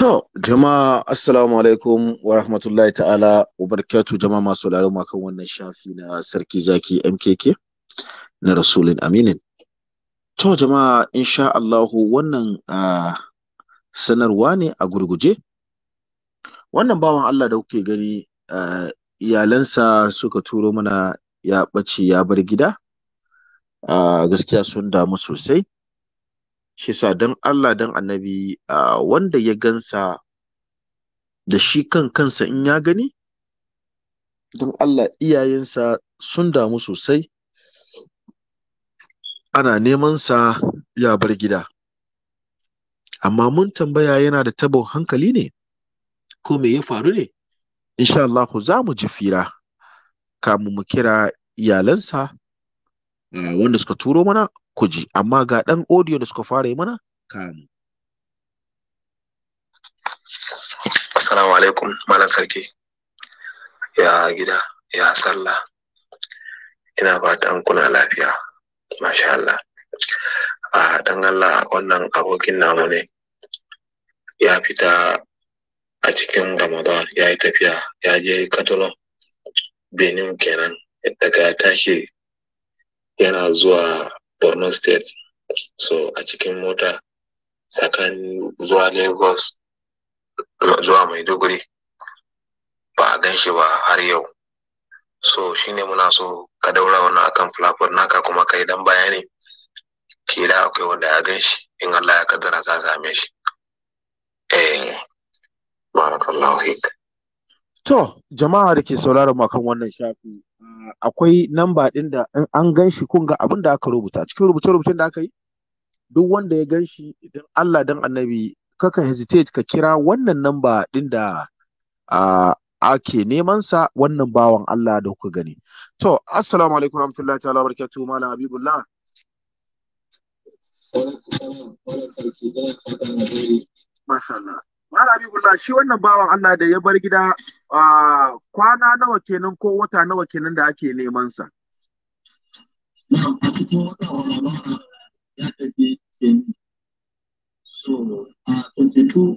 To, jama'a assalamu alaikum wa rahmatullahi ta'ala wa barakatu jama'a masu larin kan wannan shafi na sarki zaki MKK na Rasulun Aminin. To, jama'a insha Allahu wannan sanarwa ne a gurguje. Wannan bawan Allah da kuke gani iyalansa suka turo mana ya ɓace ya bar gida. gaskiya sun damu sosai. shi don Allah don annabi wanda ya gansa da shi kan kansa in ya gani don Allah iyayensa sun damu sosai ana neman sa ya bar gida amma mun tambaya yana da tabon hankali ne ko me ya faru ne insha Allah za mu ji fira kamun mu kira iyalansa wanda suka turo mana Kuji amma ga ɗan audio da suka fara yi mana kamu assalamu alaikum malam sarki ya gida ya sallah ina fatan kuna lafiya masha Allah a dan Allah wannan abokin namu ne ya fita a cikin ramadan ya yi tafiya ya je katolo benin kenan daga tashi yana zuwa borno state so a cikin mota tsakanin zuwa lagos zuwa maiduguri ba a gan shi ba har yau so shine muna so ka daura wannan akan platform naka kuma ka dan bayani kila akwai wanda ya gan shi in Allah ya kaddara za same shi eh barakallahu fik to jama'a da ke sauraron makon wannan shafi akwai namba ɗin da in an gan shi kun ga abin da aka rubuta cikin rubuce-rubucen da aka yi duk wanda ya gan shi idan Allah dan annabi kaka hesitate ka kira wannan namba ɗin da ake neman sa wannan bawan Allah da kuka gani to assalamu alaikum warahmatullahi ta'ala barakatuhu malam habibullah Masha Allah. Mala Abibullah shi wannan bawan Allah da ya bar gida kwana nawa kenan ko wata nawa kenan da ake neman sa. A ya tafi So a 22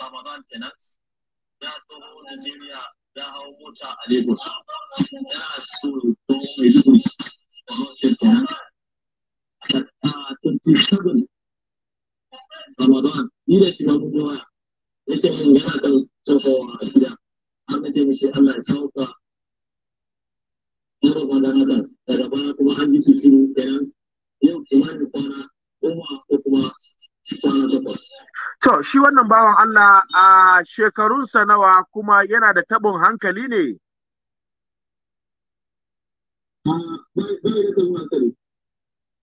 Ramadan kenan ya Najeriya ya hau mota a Lagos. Ya so mai Ramadan A 27 Ramadan ni da shi ba waya. ya ce min yana kan tafawa a gida har na ce mishi Allah ya kawo ka yaro ba da adam daga baya kuma an ji su shi kenan yau kimanin kwana goma ko kuma kwana takwas. To shi wannan bawan Allah a shekarunsa nawa kuma yana da tabon hankali ne?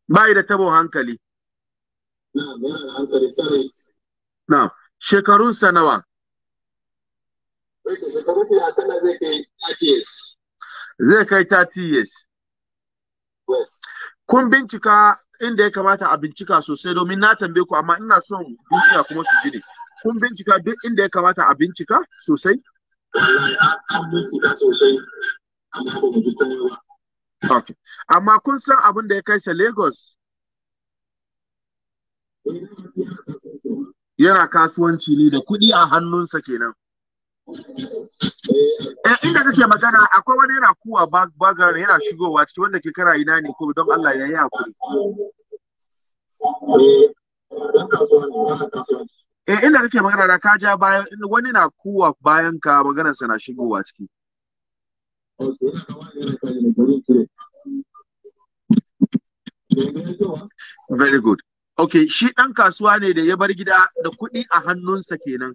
Bai da tabon hankali. Na, yana da hankali sarai. Na. shekarunsa nawa zai kai 30 years kun bincika inda ya kamata a bincika sosai domin na tambaye ku amma ina son bincika kuma su ji ne kun bincika duk inda ya kamata a bincika sosai Amma kun san abin da ya kai sa Lagos? Eh, yana kasuwanci ne da kuɗi a hannunsa kenan eh inda kake magana akwai wani yana kuwa bagar yana shigowa ciki wanda ke kara ina ne ko don Allah ya yi hakuri eh inda kake magana da ka ja bayan wani na kuwa bayan ka maganarsa na shigowa ciki Very good. Ok, shi ɗan kasuwa ne da ya bar gida da kuɗi a hannunsa kenan.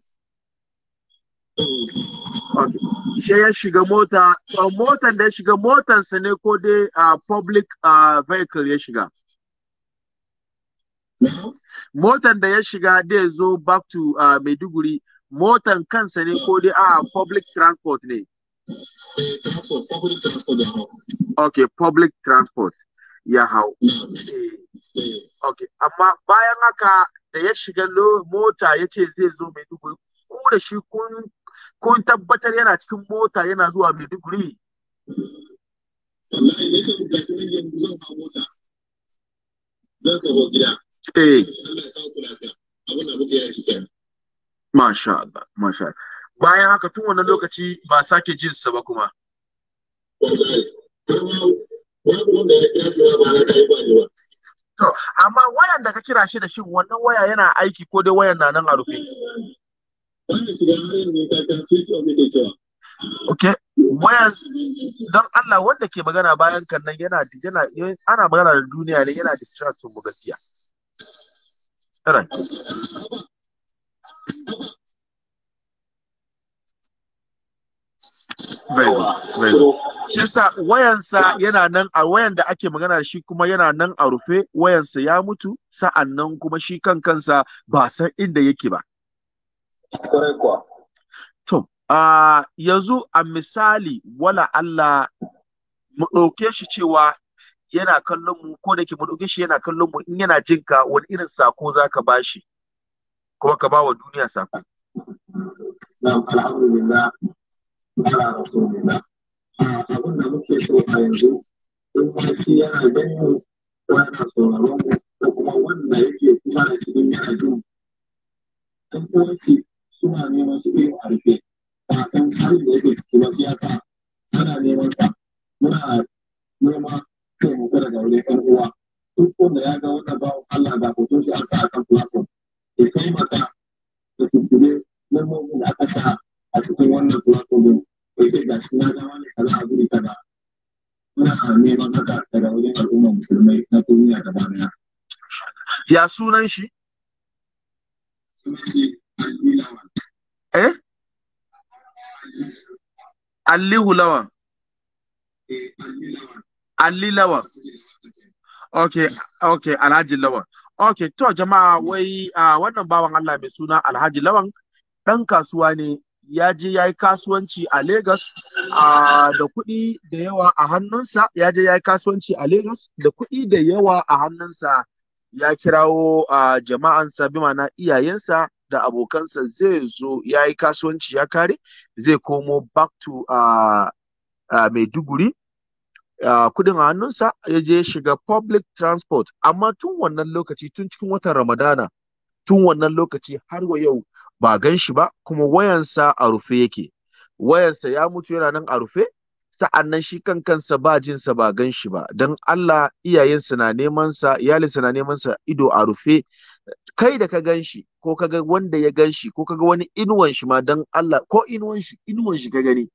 Ok, shi ya shiga mota, to motan da ya shiga motansa ne ko dai a public vehicle ya shiga. Motan da ya shiga dai zo back to Maiduguri, motan kansa ne ko dai a public transport ne. Eh, ok, public transport. ya hau Ok, amma bayan haka da ya shiga mota ya ce zai zo maiduguri ko da shi kun tabbatar yana cikin mota yana zuwa maiduguri Masha Allah, masha Allah. Bayan haka tun wannan lokaci ba sake jinsa ba kuma. babu wanda ya kira shi ba na kai ba ne ba to amma wayan da ka kira shi da shi wannan waya yana aiki ko dai wayan na nan a rufe bayan shiga harin ne ka kan switch on ne cewa okay wayan don Allah wanda ke magana bayan kan nan yana yana ana magana da duniya ne yana distraction mu gaskiya Shisa wayansa yana nan a wayan da ake magana shi kuma yana nan a rufe wayansa ya mutu sa'an nan kuma shi kan kansa ba san inda yake ba. To, a yanzu a misali wala Allah mu ɗauke shi cewa yana kallon mu ko da ke mu ɗauke shi yana kallon mu in yana jinka wani irin sako za ka ba shi kuma ka ba wa duniya sako. ala rasulillah abin da muke so a yanzu in kuma shi yana ganin wanda sauraron mu ko kuma wanda yake kusa da shi yana jin ɗan suna neman su ɗaya a rufe ba san har da yake ciki ba siyasa ana neman sa muna nema taimako daga wani ɗan uwa duk wanda ya ga wanda ba Allah da hoton shi an sa a kan platform ya taimaka da tuntune lambobin da aka sa a cikin wannan platform ga shi na dama ne kaza a guri kaza muna neman haka daga wajen al'ummar musulmai na duniya gaba daya ya sunan shi eh Allihu eh, Lawan. Alli Lawan. Okay, okay, Alhaji Lawan. Okay, to jama'a wai a ah, wannan bawan Allah mai suna Alhaji Lawan Dan kasuwa ne ya je ya yi kasuwanci a Legas da kuɗi da yawa a hannunsa ya je ya yi kasuwanci a Legas da kuɗi da yawa a hannunsa ya kirawo a jama'ansa bi mana iyayensa da abokansa zai zo ya yi kasuwanci ya kare zai komo back to Maiduguri Kuɗin a hannunsa ya je shiga public transport amma tun wannan lokaci tun cikin watan Ramadana tun wannan lokaci har wa yau ba gan shi ba kuma wayansa a rufe yake wayansa ya mutu yana nan a rufe sa'annan shi kan kansa ba jinsa ba gan shi ba don Allah iyayensa na neman sa iyalinsa na neman sa ido a rufe kai da ka gan shi ko ka ga wanda ya gan shi ko ka ga wani inuwan shi ma don Allah ko inuwan shi inuwan shi ka gani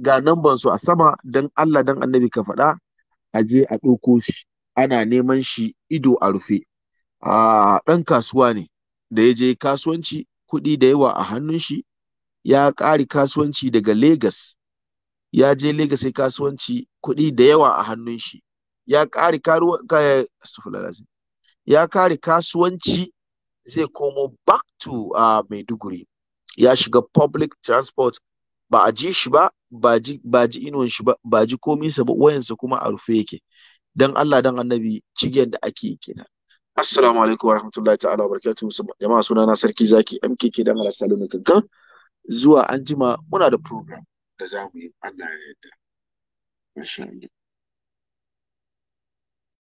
ga namban su a sama don Allah don annabi ka faɗa a je a ɗauko shi ana neman shi ido a rufe a ah, ɗan kasuwa ne da ya je kasuwanci kuɗi da yawa a hannun shi ya ƙari kasuwanci daga Legas ya je Legas sai kasuwanci kuɗi da yawa a hannun shi ya ƙari ya kare kasuwanci zai komo back to uh, Maiduguri ya shiga public transport ba a ji shi ba ba ji inuwan shi ba ba ji kominsa ba wayansa kuma a rufe yake dan Allah dan annabi cigiyar da ake kenan Assalamu alaikum wa rahmatullahi ta'ala wa barakatuhu jama'a sunana sarki zaki MKK dan Allah Salimu kankan zuwa anjima muna da program da zamu yi Allah ya yarda. Masha Allah.